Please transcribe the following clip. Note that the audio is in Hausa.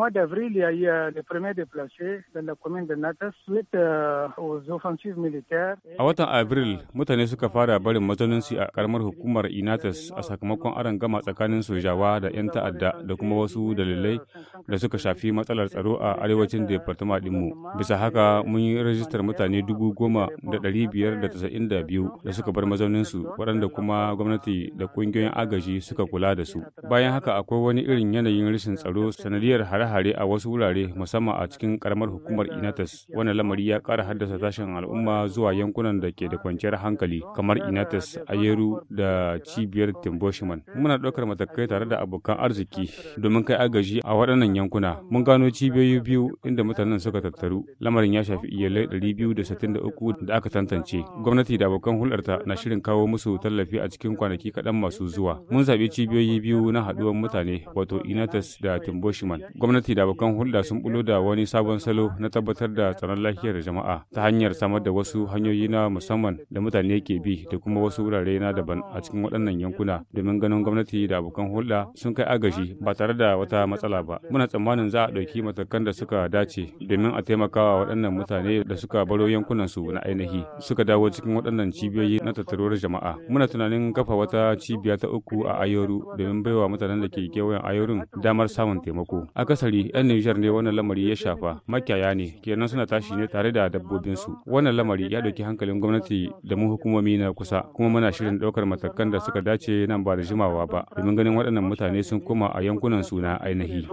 mois d'avril, il y a eu euh, les premiers déplacés dans la commune de Natas suite euh, aux offensives militaires. A watan Avril, mutane suka fara barin mazauninsu a karamar hukumar Inatas a sakamakon aron gama tsakanin sojawa da 'yan ta'adda da kuma wasu dalilai da suka shafi matsalar tsaro a arewacin departama dinmu. Bisa haka mun yi rajistar mutane dubu goma da ɗari biyar da tasa'in da suka bar mazauninsu waɗanda kuma gwamnati da ƙungiyoyin agaji suka kula da su. Bayan haka akwai wani irin yanayin rashin tsaro sanadiyar hare hare-hare a wasu wurare musamman a cikin karamar hukumar Inatas. Wannan lamari ya ƙara haddasa tashin al'umma zuwa yankunan da ke da kwanciyar hankali kamar Inatas, Ayeru da cibiyar Timboshiman. Muna ɗaukar matakai tare da abokan arziki domin kai agaji a waɗannan yankuna. Mun gano cibiyoyi biyu inda mutanen suka tattaru. Lamarin ya shafi iyalai ɗari 263 da aka tantance. Gwamnati da abokan hulɗarta na shirin kawo musu tallafi a cikin kwanaki kaɗan masu zuwa. Mun zaɓi cibiyoyi biyu na haɗuwar mutane wato Inatas da Timboshiman. gwamnati da abokan hulɗa sun bulo da wani sabon salo na tabbatar da tsaron lafiyar jama'a ta hanyar samar da wasu hanyoyi na musamman da mutane ke bi da kuma wasu wurare na daban a cikin waɗannan yankuna domin ganin gwamnati da abokan hulɗa sun kai agaji ba tare da wata matsala ba muna tsammanin za a ɗauki matakan da suka dace domin a taimakawa waɗannan mutane da suka baro yankunansu na ainihi suka dawo cikin waɗannan cibiyoyi na tattaruwar jama'a muna tunanin kafa wata cibiya ta uku a ayoru domin baiwa mutanen da ke kewayen ayorun damar samun taimako hasari 'yan Nijar ne wannan lamari ya shafa makiyaya ne kenan suna tashi ne tare da dabbobinsu wannan lamari ya ɗauki hankalin gwamnati da mu hukumomi na kusa kuma muna shirin ɗaukar matakan da suka dace nan ba da jimawa ba domin ganin waɗannan mutane sun koma a yankunan su na ainihi.